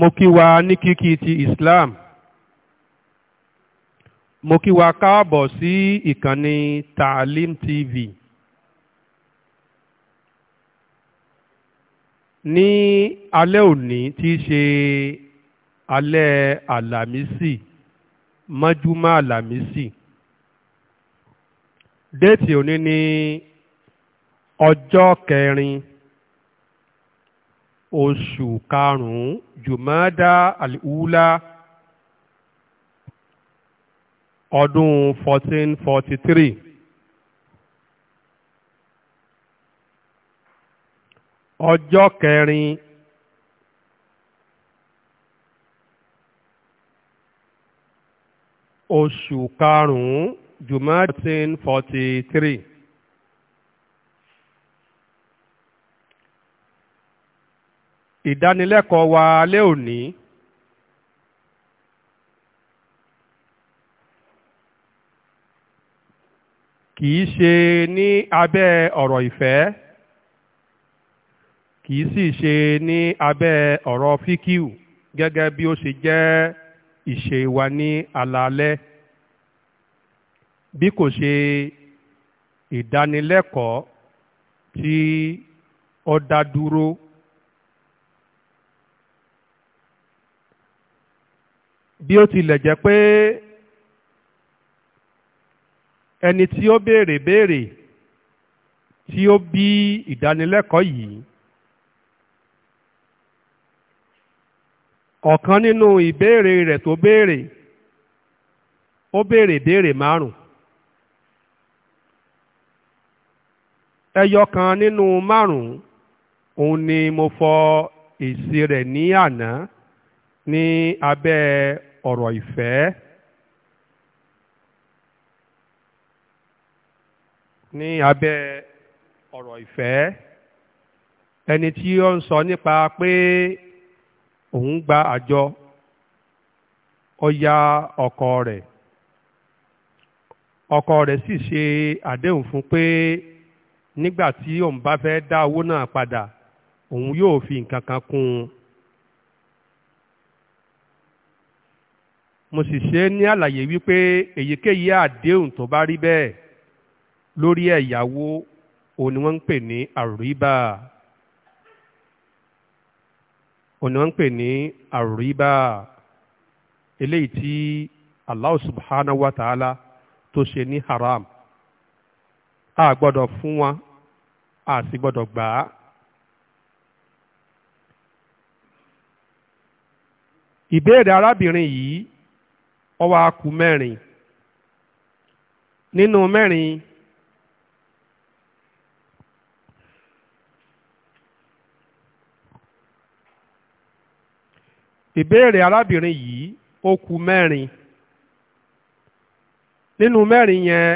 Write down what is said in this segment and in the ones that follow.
mo kí wa ní kíkí ti Islam mo kí wa káàbọ̀ sí ìkànnì Taalim TV ní alẹ́ òní tí í ṣe alẹ́ àlàmísì mọ́júmọ́ àlàmísì déètì òní ní ọjọ́ kẹrin oṣù karùn-ún jùmọ́dá àlùúlá ọdún 1443 ọjọ́ kẹrin oṣù karùn-ún jùmọ́dá 1443 ìdánilẹ́kọ̀ọ́ wa alẹ́ òní kìí ṣe ní abẹ́ ọ̀rọ̀ ìfẹ́ kìí sì ṣe ní abẹ́ ọ̀rọ̀ fíkíù gẹ́gẹ́ bí ó ṣe jẹ́ ìṣe wa ní alaalẹ́ bí kò ṣe ìdánilẹ́kọ̀ọ́ tí ó dá dúró bí ó tilẹ̀ jẹ́ pé ẹni tí ó béèrè béèrè tí ó bí ìdánilẹ́kọ̀ọ́ yìí ọ̀kan nínú ìbéèrè rẹ̀ tó béèrè ó béèrè béèrè márùn ẹyọ kan nínú márùn òun ni mo fọ èsì rẹ̀ ní àná ní abẹ́ ọ̀rọ̀ ife ní abẹ́ ọ̀rọ̀ ìfẹ́ ẹni tí ó ń sọ nípa pé òun gba àjọ ọ ya ọkọ rẹ̀ ọkọ rẹ̀ sì ṣe àdéhùn fún pé nígbà tí òun bá fẹ́ dá owó náà padà òun yóò fi nǹkan kan mo sì ṣe ní àlàyé wípé èyíkéyìí àdéhùn tó bá rí bẹ́ẹ̀ lórí ẹ̀yáwó òun ni wọ́n ń pè ní àrùríbà òun wọ́n ń pè ní àrùríbà eléyìí tí Allah subhanahu wa ta'ala tó ṣe ní haram a gbọ́dọ̀ fún wọn a sì gbọ́dọ̀ gbà á. ìbéèrè arábìnrin yìí ọ wá kù mẹ́rin nínú mẹ́rin ìbéèrè arábìnrin yìí ó mẹ́rin nínú mẹ́rin yẹn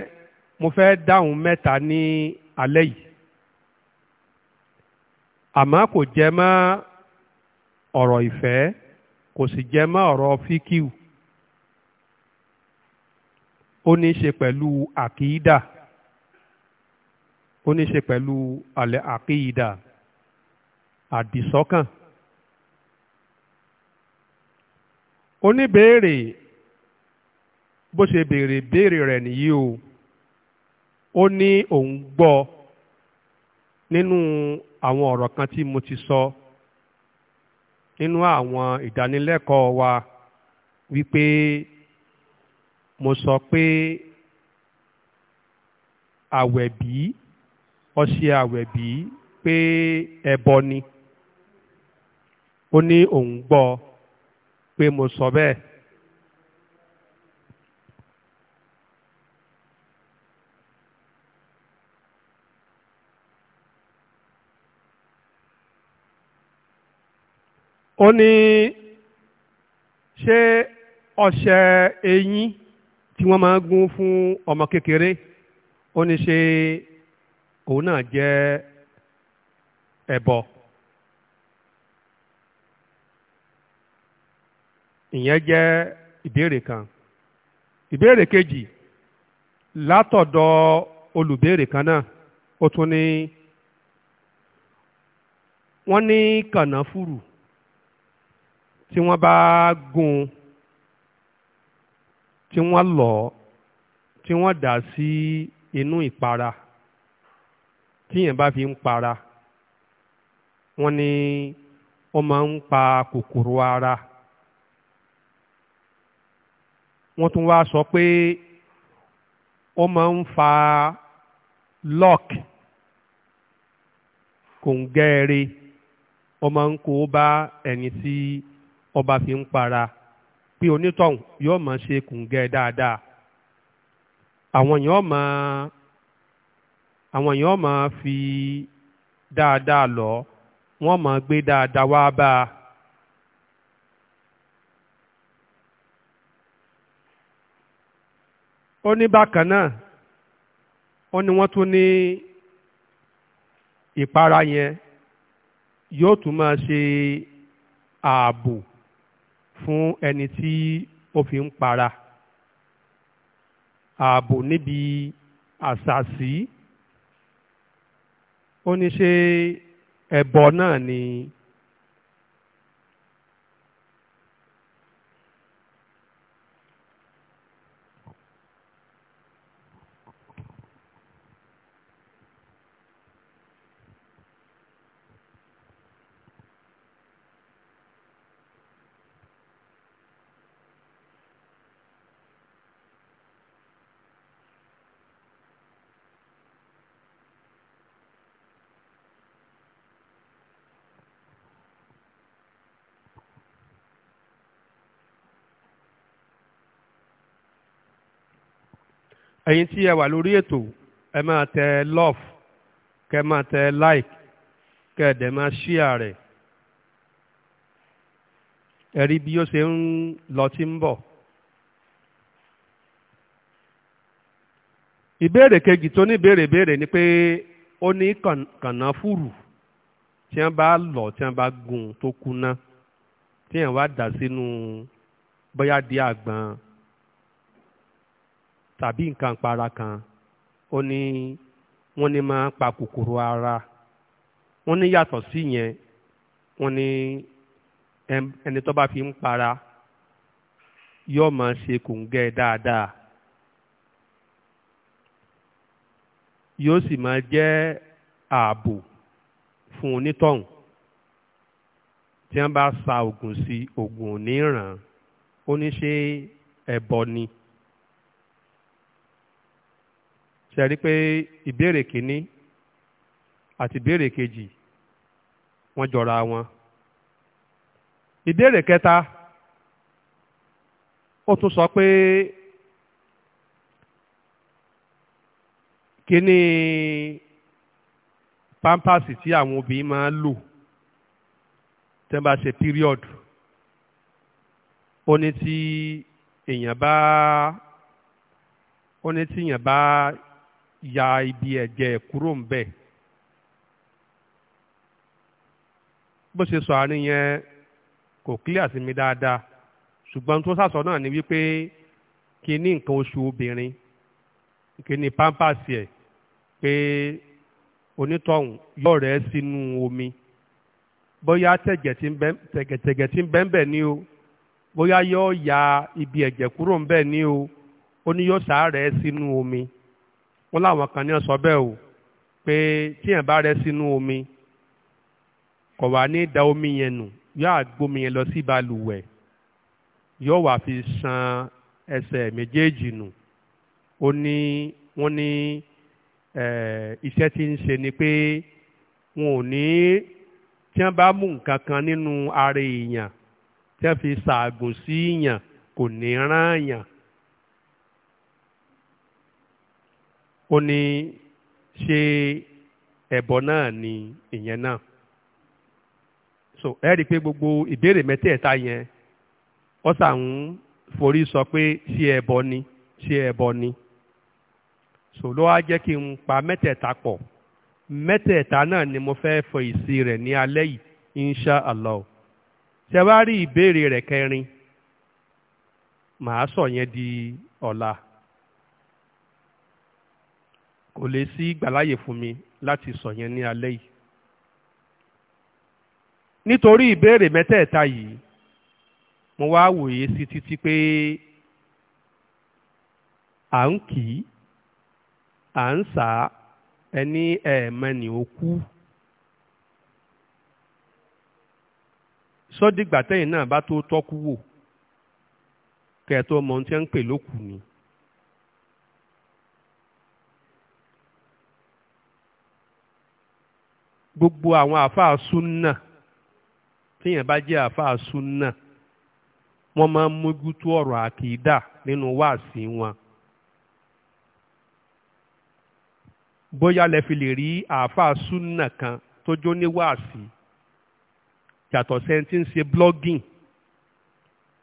mo fẹ́ dáhùn mẹ́ta ní alẹ́ yìí àmọ́ kò jẹ mọ́ ọ̀rọ̀ ìfẹ́ kò sì jẹ mọ́ ọ̀rọ̀ fíkìú. ó ní í ṣe pẹ̀lú àkìídà ó ní í ṣe pẹ̀lú àlẹ́ àkìídà àdìsọ́kàn oníbèèrè bó ṣe béèrè béèrè rẹ̀ nìyí o ó ní òun gbọ́ nínú àwọn ọ̀rọ̀ kan tí mo ti sọ nínú àwọn ìdánilẹ́kọ̀ọ́ wa wípé mo sọ pé àwẹ̀bí ọṣẹ àwẹ̀bí pé ẹbọ ni ó ní òun gbọ́ pé mo sọ bẹ́ẹ̀. ó ní ṣé ọṣẹ eyín tí wọ́n máa gún fún ọmọ kékeré ó ní ṣe òun náà jẹ́ ẹbọ ìyẹn jẹ́ ìbéèrè kan ìbéèrè kejì látọ̀dọ̀ olùbéèrè kan náà ó tún ní wọ́n ní kànáfùrù tí wọ́n bá gún un tí wọ́n lọ̀ tí wọ́n dà sí inú ìpara tíyẹn bá fi ń para wọ́n ní ó máa ń pa kòkòrò ara wọ́n tún wá sọ pé ó máa ń fa lock kòǹgẹ́ẹ̀rẹ́ ó máa ń kó bá ẹni tí ó fi ń para pé onítọ̀hún yóò máa ṣe kùngẹ́ dáadáa àwọn yóò máa àwọn yóò máa fi dáadáa lọ wọ́n máa gbé dáadáa wá bá a. ó ní bákan náà ó ní wọ́n tún ní ìpara yẹn yóò tún máa ṣe ààbò fún ẹni tí ó fi ń para ààbò níbi àṣàṣì ó ní ṣe ẹbọ náà ni ẹ̀yin tí ẹ wà lórí ètò ẹ máa tẹ love kẹ máa tẹ like kẹ ẹ dẹ̀ máa share rẹ̀ ẹ rí bí ó ṣe ń lọ tí ń bọ̀. ìbéèrè kejì tó ní béèrè béèrè ni pé ó ní kànáà fùrù tí wọ́n bá lọ̀ tí wọ́n bá gùn tó kuná tí wọ́n wá dà sínú bóyá di àgbọn tàbí nǹkan para kan ó ní wọ́n ní máa ń pa kòkòrò ara wọ́n ní yàtọ̀ sí yẹn wọ́n ní ẹni tó bá fi ń para yóò máa ṣe kòǹgẹ́ dáadáa yóò sì máa jẹ́ ààbò fún onítọ̀hún tí wọ́n bá sa oògùn sí oògùn ò ní ràn ó ní ṣe ẹbọ ni. ṣe rí pé ìbéèrè kìíní àti ìbéèrè kejì wọ́n jọra wọn. ìbéèrè kẹta ó tún sọ pé kíní pampasi tí àwọn obìnrin máa ń lò tẹ́ bá ṣe period ó ní tí èèyàn bá ó ní tí èèyàn bá ya ibi ẹ̀jẹ̀ kúrò ń bẹ̀. bó ṣe sọ àárín yẹn kò clear sí mi dáadáa ṣùgbọ́n tó sàṣọ náà ni wípé kí ní nǹkan oṣù obìnrin kí ní ẹ̀ pé onítọ̀hún yóò omi bóyá tẹ̀gẹ̀tẹ̀gẹ̀ tí ń ni o bóyá yóò ya ibi ẹ̀jẹ̀ kúrò ń ni o ó ní sínú omi. ó láwọn kan ní ó sọ bẹ́ẹ̀ o pé tíyàn bá rẹ sínú omi kò wá ní da omi yẹn nù yóò àgbómi yẹn lọ sí balùwẹ̀ yóò wá fi ṣan ẹsẹ̀ méjèèjì nù ó ní wọ́n ní iṣẹ́ tí ń ṣe ni pé wọn ò ní tí wọ́n bá mú nǹkan kan nínú ara èèyàn tí wọ́n fi ṣàgùn sí èèyàn kò ní rán èèyàn ó ní ṣe ẹ̀bọ náà ni ìyẹn náà so ẹ rí i pé gbogbo ìbéèrè mẹ́tẹ̀ẹ̀ta yẹn ó sàn ń forí sọ pé ṣe ẹbọ ni ṣe ẹbọ ni so ló wá jẹ́ kí n pa mẹ́tẹ̀ẹ̀ta pọ̀ mẹ́tẹ̀ẹ̀ta náà ni mo fẹ́ fọ ìsí rẹ̀ ní alẹ́ yìí insha allah ṣe wá rí ìbéèrè rẹ̀ kẹrin màá sọ yẹn di ọ̀la. kò lè sí ìgbàláyè fún mi láti sọ yẹn ní alẹ́ yìí nítorí ìbéèrè mẹ́tẹ̀ẹ̀ta yìí mo wá wòye sí títí pé à ń kì í à ń sà á ẹni ẹ̀ẹ̀mẹ́ni ó kú sọ́dígbà tẹ́yìn náà bá tó tọ́kú wò kẹ́ẹ̀ tó mọ tí wọ́n ń pè lókù ni. gbogbo àwọn àáfàá súnà tíyẹn bá jẹ́ àáfàá súnà wọ́n máa ń mójútó ọ̀rọ̀ àkìdá nínú wáàsí wọn. bóyá lẹ fi lè rí àáfàá súnà kan tó jó ní wáàsí yàtọ̀ sẹ́ni tí ń ṣe blogging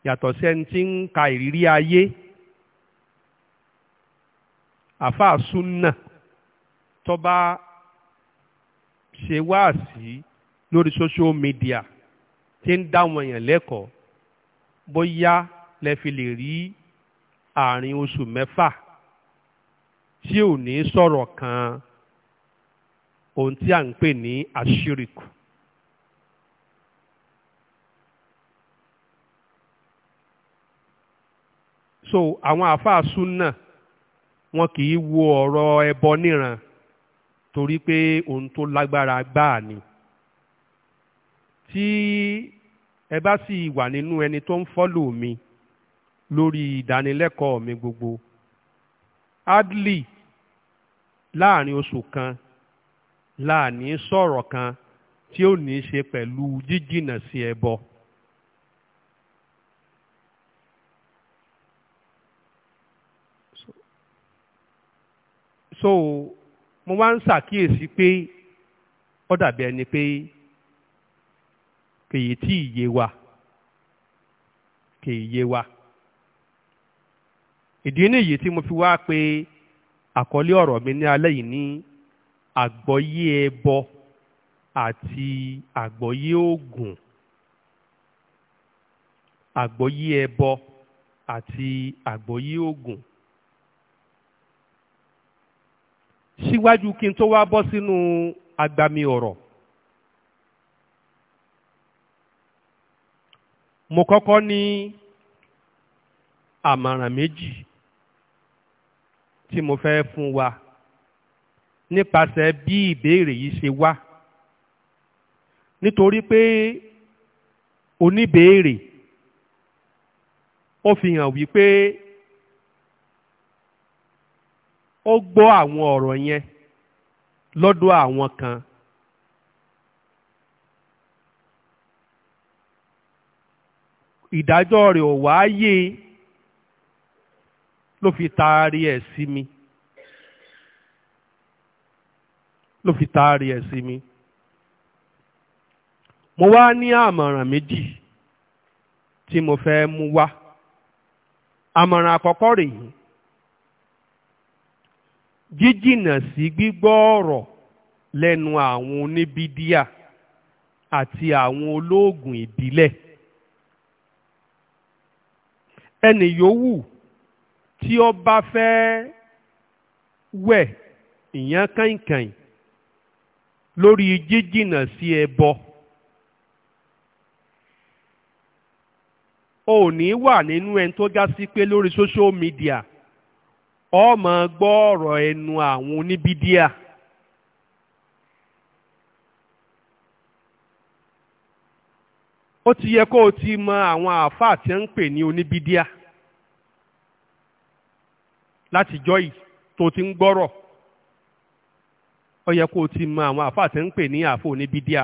yàtọ̀ sẹ́ni tí ń ka ìrírí ayé àáfàá súnà tó bá ṣe wáàsí lórí social media tí ń dáwọn èèyàn lẹ́kọ̀ọ́ bóyá lẹ fi lè rí àárín oṣù mẹ́fà tí ò ní sọ̀rọ̀ kan ohun tí a ń pè ní àṣírìkù. so àwọn àáfàá súnà wọn kì í wo ọ̀rọ̀ ẹbọ níran. E torí pé ohun tó lágbára gbáà ni tí ẹ bá sì wà nínú ẹni tó ń fọ́lò mi lórí ìdánilẹ́kọ̀ọ́ mi gbogbo adley láàrin oṣù kan láàní sọ̀rọ̀ kan tí ó ní í ṣe pẹ̀lú jíjìnà sí ẹbọ. so, so mo wá ń ṣàkíyèsí pé ó dàbí ẹni pé kèyí tí ì yé wa kèyí yé wa ìdí nìyí tí mo fi wá pé àkọlé ọ̀rọ̀ mi ní alẹ́ yìí ní àgbọ́yé ẹbọ àti àgbọ́yé oògùn àgbọ́yé ẹbọ àti àgbọ́yé oògùn. síwájú kí n tó wá bọ́ sínú agbami ọ̀rọ̀ mo kọ́kọ́ ní àmàràn méjì tí mo fẹ́ fún wa nípasẹ̀ bí ìbéèrè yìí ṣe wá nítorí pé oníbèèrè ó fi hàn wípé ó gbọ́ àwọn ọ̀rọ̀ yẹn lọ́dọ̀ àwọn kan ìdájọ́ rẹ̀ ò wáyé ló fi taari ẹ̀ sí mi ló fi taari ẹ̀ sí mi mo wá ní àmọ̀ràn méjì tí mo fẹ́ mú wá àmọ̀ràn àkọ́kọ́ rèé jíjìnà sí gbígbọ́ ọ̀rọ̀ lẹ́nu àwọn oníbídíà àti àwọn olóògùn ìbílẹ̀ ẹnì yòówù tí ó bá fẹ́ wẹ̀ ìyẹn kàìnkàìn lórí jíjìnà sí ẹbọ ò ní wà nínú ẹni tó já sí pé lórí social media ọ máa gbọ́ ọ̀rọ̀ ẹnu àwọn oníbídíà. ó ti yẹ kó o ti mọ àwọn àáfàá tí ń pè ní oníbídíà látijọ́ yìí tó ti ń gbọ́rọ̀ ó yẹ kó o ti mọ àwọn àáfàá tí ń pè ní àáfàá oníbídíà.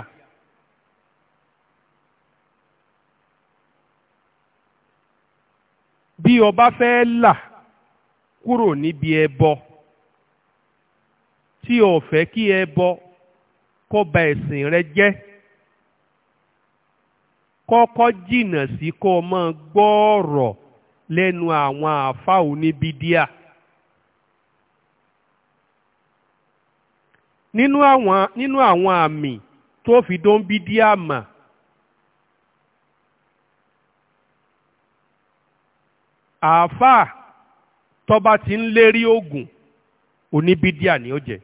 bí o bá fẹ́ là kúrò níbi ẹbọ tí o fẹ́ kí ẹbọ kó ba ẹ̀sìn rẹ jẹ́ kọ́kọ́ jìnnà sí kó o máa gbọ́ ọ̀rọ̀ lẹ́nu àwọn àáfà oníbídíà. nínú àwọn àmì tó fi dó bídíà mà àáfàá tọ́ba ti ń rí oògùn oníbídíà ni ó jẹ.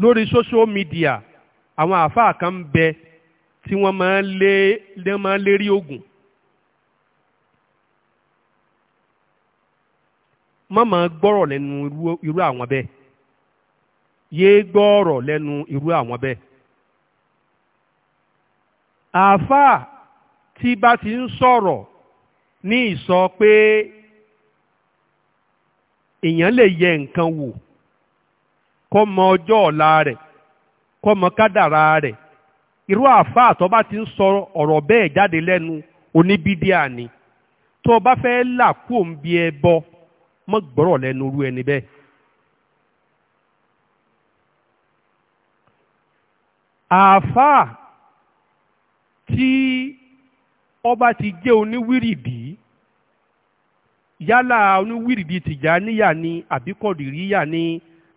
lórí social media àwọn àáfàá kan ń bẹ tí wọ́n máa lé lé wọ́n máa ń lérí oògùn má gbọ́rọ̀ lẹ́nu irú àwọn bẹ́ẹ̀ yéé gbọ́rọ̀ lẹ́nu irú àwọn bẹ́ẹ̀ àáfàá tí bá ti ń sọ̀rọ̀ ní ìsọ pé èèyàn lè yẹ nǹkan wò kó mọ ọjọ́ ọ̀la rẹ̀ kó mọ kádàrá rẹ̀ irú àáfàá tó bá ti ń sọ ọ̀rọ̀ bẹ́ẹ̀ jáde lẹ́nu oníbídíà ni tó o bá fẹ́ là kúò ń bí ẹ bọ́ mọ́ gbọ́rọ̀ lẹ́nu irú ẹni bẹ́ẹ̀. àáfàá tí ọba ti jẹ́ oníwírìdì yálà oníwírìdì tìjàníyà ni àbí kọ̀dìríyà ni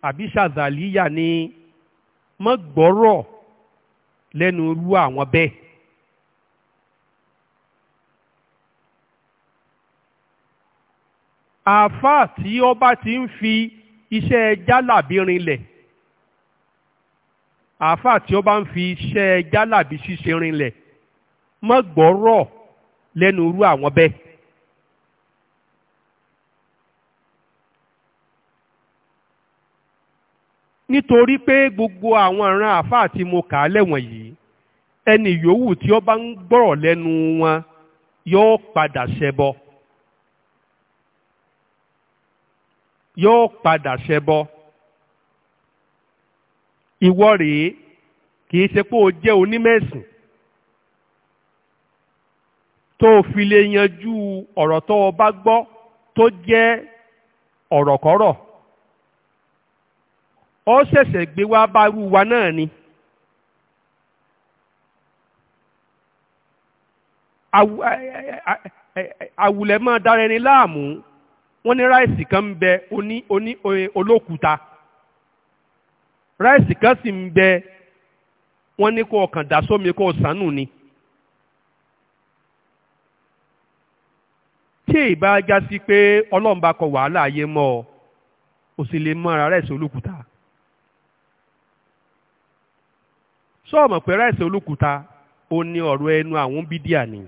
àbí ṣàzàlíyà ni mọ́ gbọ́rọ̀ lẹ́nu irú àwọn bẹ́ẹ̀. àáfàá tí ọba ti ń fi iṣẹ́ jálàbí rinlẹ̀ àáfàá tí ọba ń fi iṣẹ́ jálàbí ṣíṣe rinlẹ̀ mọ́ gbọ́rọ̀ lẹ́nu irú àwọn bẹ́ẹ̀. nítorí pé gbogbo àwọn àran àfáà tí mo kà á lẹ́wọ̀n yìí ẹni yòówù tí ó bá ń gbọ́rọ̀ lẹ́nu wọn yóò padà ṣẹbọ yóò padà ṣẹbọ ìwọ rèé kì í ṣe pé o jẹ́ onímẹ̀sìn tó fi lè yanjú ọ̀rọ̀ tó o bá gbọ́ tó jẹ́ ọ̀rọ̀kọ́rọ̀ ó ṣẹ̀ṣẹ̀ gbé wá bárú wa náà ni. àwùlẹ̀ dára ẹni láàmú wọ́n ní kan ń bẹ oní oní olókùúta kan sì ń bẹ wọ́n ní kó ọkàn dá ni. tí èyí bá já sí pé ọlọ́run bá kọ wàhálà mọ ara olókùúta sọ́ọ̀mọ̀ pé olókùúta ó ní ẹnu àwọn bídíà ni.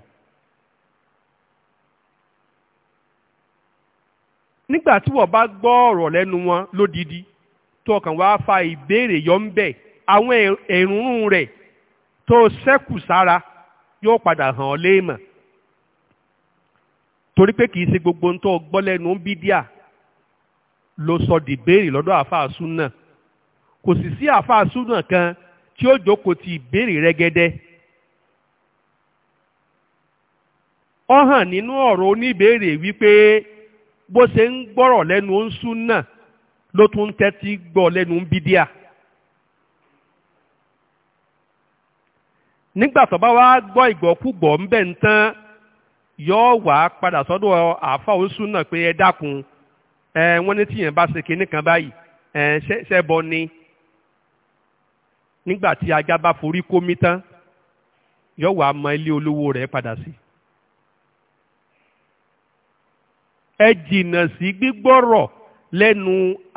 nígbà tí wọ́n bá gbọ́ ọ̀rọ̀ lẹ́nu wọn lódidi tó ọkàn fa ìbéèrè yọ ń bẹ̀ àwọn to rẹ̀ tó sára yóò padà hàn ọ́ torí pé kìí ṣe gbogbo ń tó gbọ́ lẹ́nu bídíà ló sọ béèrè lọ́dọ̀ àáfàá súnà kò sì sí àáfàá súnà kan tí ó jókòó ti béèrè rẹ́gẹ́dẹ́ ọ hàn nínú ọ̀rọ̀ oníbéèrè wípé bó ṣe ń gbọ́rọ̀ lẹ́nu ń súnà ló tún ń tẹ́tí gbọ́ lẹ́nu bídíà. nígbà tó bá wá gbọ́ ìgbọ́kúgbọ́ ń bẹ̀ ń tán yóò wá padà sọ́dọ̀ àáfà oṣù náà pé ẹ dákun ẹ wọ́n ní tíyẹn bá ṣe kinní kan báyìí ẹ ṣẹ́bọ ni nígbà tí ajá bá forí kómi tán yóò wá mọ ilé olówó rẹ̀ padà sí. ẹ jìnnà sí gbígbọ́rọ̀ lẹ́nu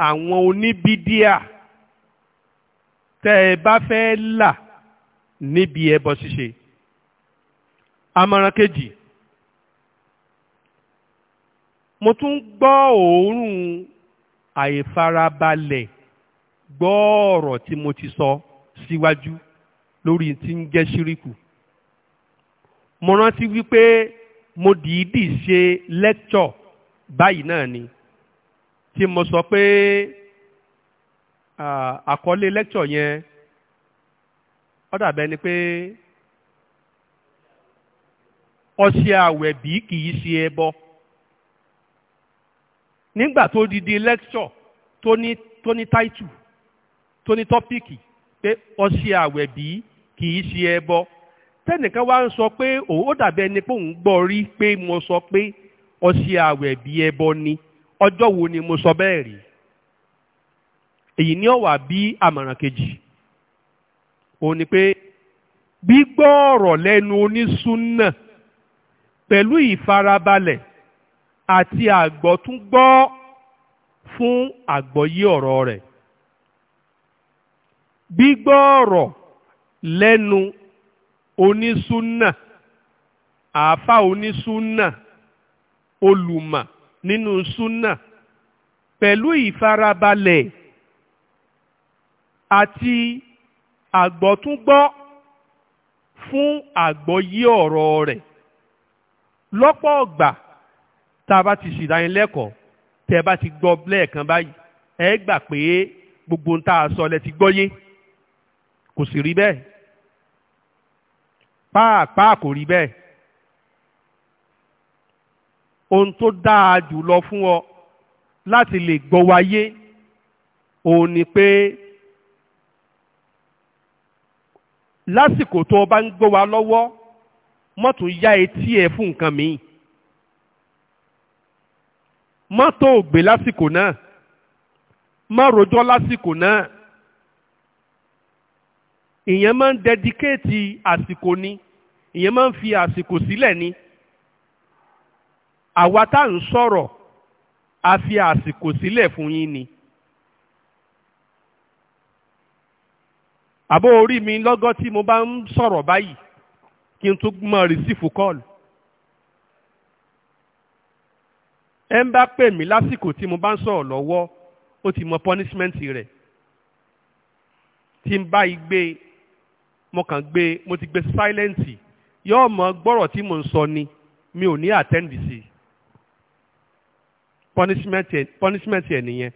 àwọn oníbídíà tẹ́ ẹ bá fẹ́ là níbi ẹbọ ṣíṣe. àmọ̀ràn kejì mo tún gbọ́ òórùn àìfarabalẹ̀ gbọ́ ọ̀rọ̀ tí mo ti sọ síwájú lórí tí ń jẹ́ ṣíríkù mo rántí wípé mo dìídì ṣe lẹ́kṣọ̀ báyìí náà ni tí mo sọ pé àkọlé lẹ́kṣọ̀ yẹn ó dàbẹ́ ni pé ọṣẹ àwẹ̀bí kì í ṣe ẹbọ. E nígbà tó di di lecture tó ní tó ní title tó ní tọ́píìkì pé ọṣẹ àwẹ̀bí kì í ṣe ẹbọ tẹ́nìkan wá ń sọ pé òun ó dàbí ẹni pé òun gbọ́ rí pé mo sọ pé ọṣẹ àwẹ̀bí ẹbọ ni ọjọ́ wo ni mo sọ bẹ́ẹ̀ rí èyí ni ó wà bí àmọ̀ràn kejì òun ni pé gbígbọ́ ọ̀rọ̀ lẹ́nu onísùnnà pẹ̀lú ìfarabalẹ̀ àti àgbọ́túngbọ́ fún àgbọ́yé ọ̀rọ̀ rẹ̀ gbígbọ́ ọ̀rọ̀ lẹ́nu onísúnà àáfà onísúnà olùmọ̀ nínú súnà pẹ̀lú ìfarabalẹ̀ àti àgbọ́túngbọ́ fún àgbọ́yé ọ̀rọ̀ rẹ̀ lọ́pọ̀ ọ̀gbà tá a bá ti ṣìdánilẹ́kọ̀ọ́ tẹ́ ẹ bá ti gbọ́ lẹ́ẹ̀kan báyìí ẹ gbà pé gbogbo ń tá a sọ lẹ ti gbọ́ yé kò sì rí bẹ́ẹ̀ pàápàá kò rí bẹ́ẹ̀ ohun tó dáa jù lọ fún ọ láti lè gbọ́ wáyé òun ni pé lásìkò tó o bá ń gbọ́ wa lọ́wọ́ mọ́tún yá etí ẹ̀ fún nǹkan mìíràn má tó ògbé lásìkò náà má rojọ́ lásìkò náà ìyẹn máa ń dẹdikéètì àsìkò ni ìyẹn máa ń fi àsìkò sílẹ̀ ni àwa tá à ń sọ̀rọ̀ a fi àsìkò sílẹ̀ fún yín ni. àbó orí mi lọ́gọ́ tí mo bá ń sọ̀rọ̀ báyìí kí n tún mọ̀ rìsífù kọ́ọ̀lù. ẹ ń bá pè mí lásìkò tí mo bá ń sọ̀rọ̀ lọ́wọ́ ó ti mọ punishment rẹ̀ tí ń bá yí gbé mo kàn gbé mo ti gbé silent yóò mọ gbọ́rọ̀ tí mo ń sọ ni mi ò ní attend sí punishment punishment ẹ̀ nìyẹn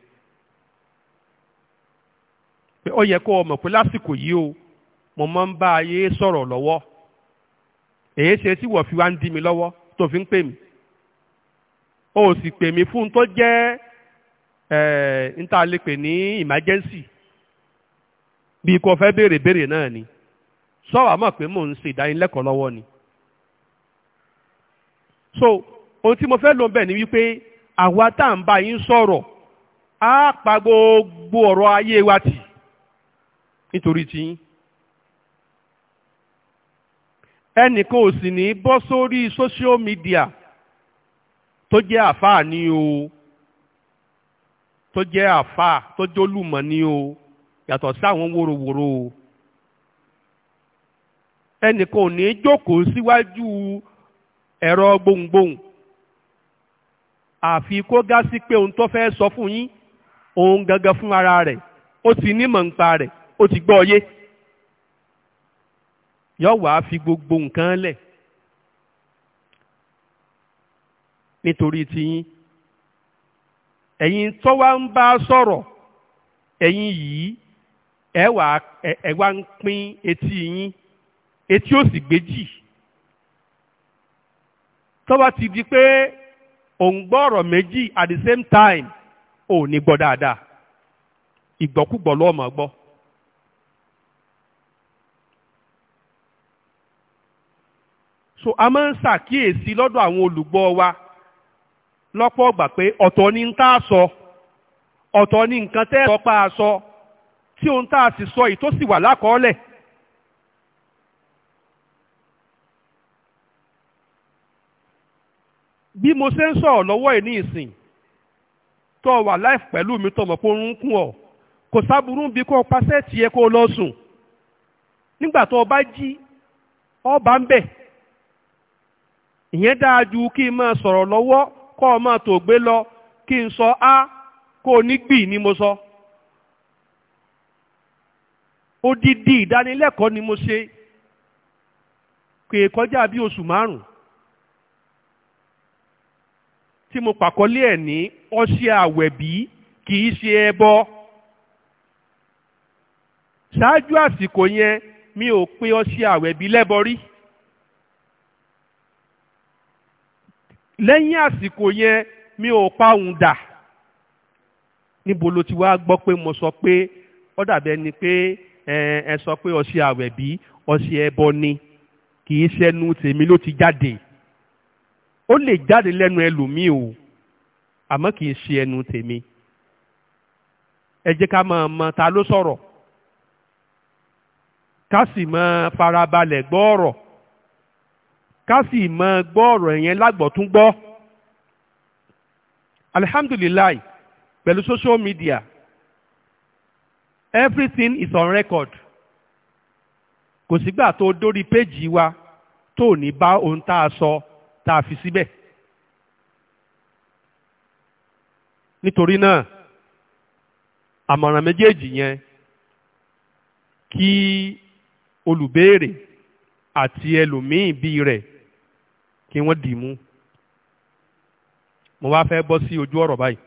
pé ó yẹ kó o mọ̀ pé lásìkò yìí o mo máa ń bá ayé sọ̀rọ̀ lọ́wọ́ èyí ṣe tí wọ́n fi wá ń dí mi lọ́wọ́ tó fi ń pè mí. o sì pè mí fún un tó jẹ́ n lè pè ní emergency bí kò fẹ́ béèrè béèrè náà ni sọ́wọ́ àmọ́ pé mò ń ṣe ìdánilẹ́kọ̀ọ́ lọ́wọ́ ni. so ohun tí mo fẹ́ lò ń bẹ̀ ni wípé àwa tá à ń bá yín sọ̀rọ̀ á pa gbogbo ọ̀rọ̀ ayé wa tì nítorí tiyín ẹnìkan ò sì ní bọ́ sórí social media tó jẹ́ àfáà ní o tó jẹ́ àfáà tó jólùmọ̀ ní o yàtọ̀ sí sáwọn wòròwòrò o ẹnìkan ò ní jókòó síwájú ẹ̀rọ gbohùngbohùn àfi kó gá sí pé ohun tó fẹ́ sọ fún yín òun gangan fún ara rẹ̀ ó ti nímọ̀ nípa rẹ̀ ó ti gbọ́ ọ yé yọ wàá fi gbogbo nǹkan lẹ̀ nítorí tiyín ẹ̀yin tó wá ń bá sọ̀rọ̀ ẹ̀yin yìí ẹ wà ẹ wá ń pín etí yín etí ò sì gbéjì tó bá ti di pé òun gbọ́ ọ̀rọ̀ méjì at the same time ò ní gbọ́ dáadáa ìgbọ́kúgbọ́ ló máa gbọ́. so a máa ń ṣàkíyèsí lọ́dọ̀ àwọn olùgbọ́ wa. lọ́pọ̀ ọgbà pé ọ̀tọ̀ ni ń tá a sọ ọ̀tọ̀ ni nǹkan tẹ́ ẹ̀ pa a sọ tí ohun tá a sì sọ yìí tó sì wà lákọọ́lẹ̀. bí mo ṣe ń sọ̀rọ̀ lọ́wọ́ ẹ̀ ní ìsìn tó wà láì pẹ̀lú mi tó mọ̀ pé oorun kún ọ kò sábúrú bí kò pàṣẹ tiẹ̀ kó lọ sùn nígbà tó o bá jí ọba ń bẹ̀ ìyẹn dáa ju kí n máa sọ̀rọ̀ lọ́wọ́ kọ́ ọ máa lọ kí n sọ á kó o ni mo sọ. odidi ìdánilẹ́kọ̀ọ́ ni mo ṣe pé kọjá bí oṣù márùn tí mo pàkọ́lé ẹ̀ ní ọṣẹ àwẹ̀bí kì í ṣe ẹbọ. ṣáájú àsìkò yẹn mi ò pe ọṣẹ àwẹ̀bí lẹ́bọ lẹ́yìn àsìkò yẹn mi ò pa òun dà níbo ló ti wá gbọ́ pé mo sọ pé ó dàbẹ́ ni pé ẹ sọ pé ọṣẹ àwẹ̀bí ọṣẹ ẹbọ ni kì í ṣẹnu tèmi ló ti jáde ó lè jáde lẹ́nu ẹlòmíì o àmọ́ kì í ṣe ẹnu tèmi ẹ jẹ́ ká máa mọ ta ló sọ̀rọ̀ ká sì máa farabalẹ̀ gbọ́ ọ̀rọ̀ ká sì mọ gbọ́ ọ̀rọ̀ yẹn lágbọ̀tún gbọ́ alihamdulilayi pẹ̀lú social media everything is on record kò sígbà tó dórí péjì wa tó ní bá ohun tá a sọ tá a fi síbẹ̀ nítorí náà àmọ̀ràn méjèèjì yẹn kí olùbéèrè àti ẹlòmíì bíi rẹ̀ kí wọ́n dì í mú mo wá fẹ́ bọ́ sí ojú ọ̀rọ̀ báyìí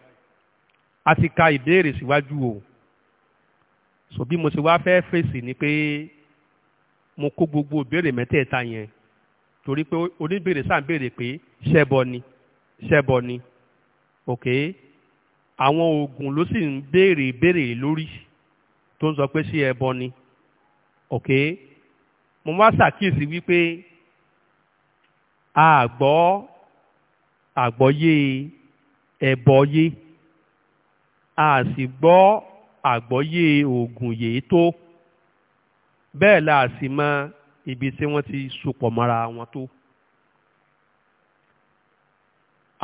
a ti ka ìbéèrè síwájú o so bí mo ṣe wá fẹ́ fèsì ni pé mo kó gbogbo ìbéèrè mẹ́tẹ̀ẹ̀ta yẹn torí pé oníbèrè sáà ń béèrè pé ṣẹbọ ni ṣẹbọ ni ok àwọn oògùn ló sì ń béèrè ìbéèrè lórí tó ń sọ pé ṣé ẹbọ ni ok mo wá ṣàkíyèsí wípé àgbọ́ àgbọ́yé ẹ̀bọ̀yé a sì gbọ́ àgbọ́yé oògùn yìí tó bẹ́ẹ̀ la sì mọ ibi tí wọ́n ti sopọ̀ mọ́ra wọn tó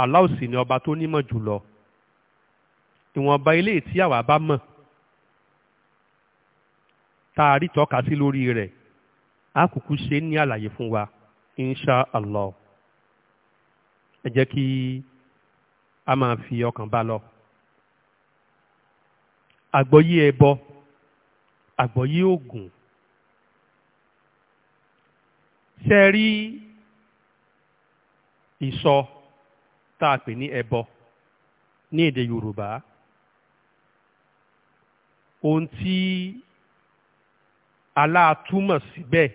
Allah ni ọba tó nímọ̀ jùlọ ìwọ̀nba ilé tí àwa bá mọ̀ tá a rí tọ́ka sí lórí rẹ̀ á kúkú ṣe ní àlàyé fún wa insha ẹ jẹ́ kí a máa fi ọkàn bá lọ. àgbọ́yé ẹbọ àgbọ́yé oògùn ṣe rí ìsọ tá a pè ní ẹbọ ní èdè Yorùbá ohun tí aláàtúmọ̀ síbẹ̀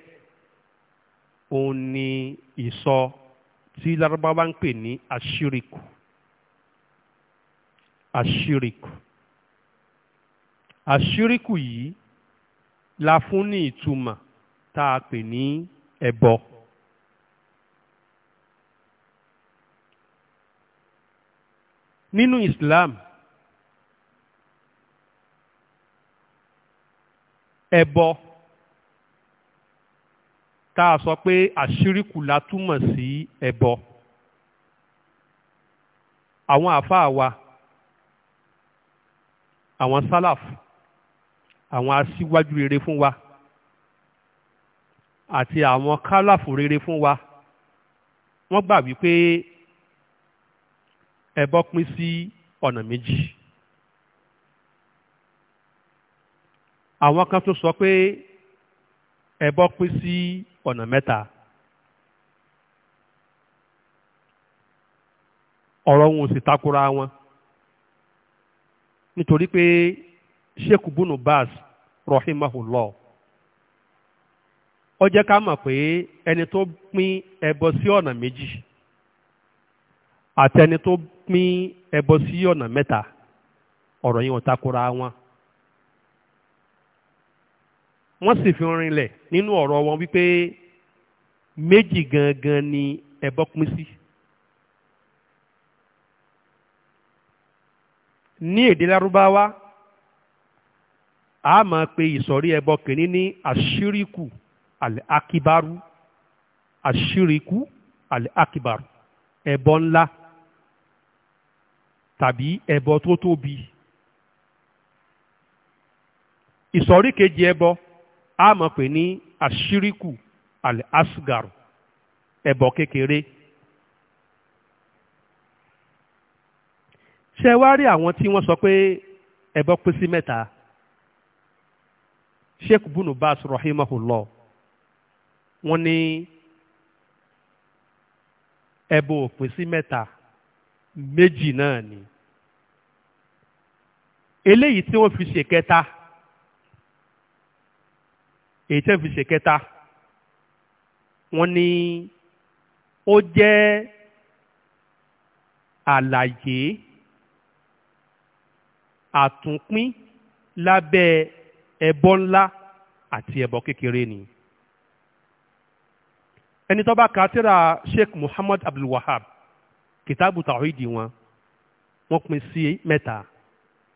òun ni ìsọ tí lárúbáwá ń pè ní àṣírìkù àṣírìkù àṣírìkù yìí la fún ní ìtumọ̀ tá a pè ní ẹbọ. nínú Islam ẹbọ. E tá a sọ pé àṣíríkù la túmọ̀ sí ẹbọ àwọn àáfàá wa àwọn sálàf àwọn aṣíwájú rere fún wa àti àwọn kálàfù rere fún wa wọ́n gbà wípé ẹbọ pín sí ọ̀nà méjì. àwọn kan tó sọ pé ẹbọ pín sí ọ̀nà mẹ́ta ọ̀rọ̀ wọn ò sì takora wọn nítorí pé sheikh bunu bas rahimahullah ọ jẹ́ ká mọ̀ pé ẹni tó pín ẹbọ sí ọ̀nà méjì àtẹni tó pín ẹbọ sí ọ̀nà mẹ́ta ọ̀rọ̀ yìí wọ́n sì fi rinlẹ̀ nínú ọ̀rọ̀ wọn wípé méjì gangan ni ẹbọ pín sí. ní èdè lárúbáwá a máa pe ìsọ̀rí ẹbọ kìíní ní àṣíríkù àkíbárú àṣíríkù àkíbárú ẹbọ ńlá tàbí ẹbọ tó tóbi ìsọ̀rí kejì ẹbọ a mọ̀ pé ní àṣíríkù al-asgar ẹ̀bọ kékeré. ṣé wá rí àwọn tí wọ́n sọ pé ẹ̀bọ pín sí mẹ́ta sheikh bunu bas rahimahullah wọ́n ní ẹ̀bọ òpin sí mẹ́ta méjì náà ni eléyìí tí wọ́n fi ṣèkẹta èyí tẹ́ fi ṣe kẹta wọ́n ní ó jẹ́ àlàyé àtúnpín lábẹ́ ẹbọ ńlá àti ẹbọ kékeré ni ẹni tó bá ka Sheikh Muhammad Abdul Wahab kìtàbù tàwídìí wọn wọ́n pín sí mẹ́ta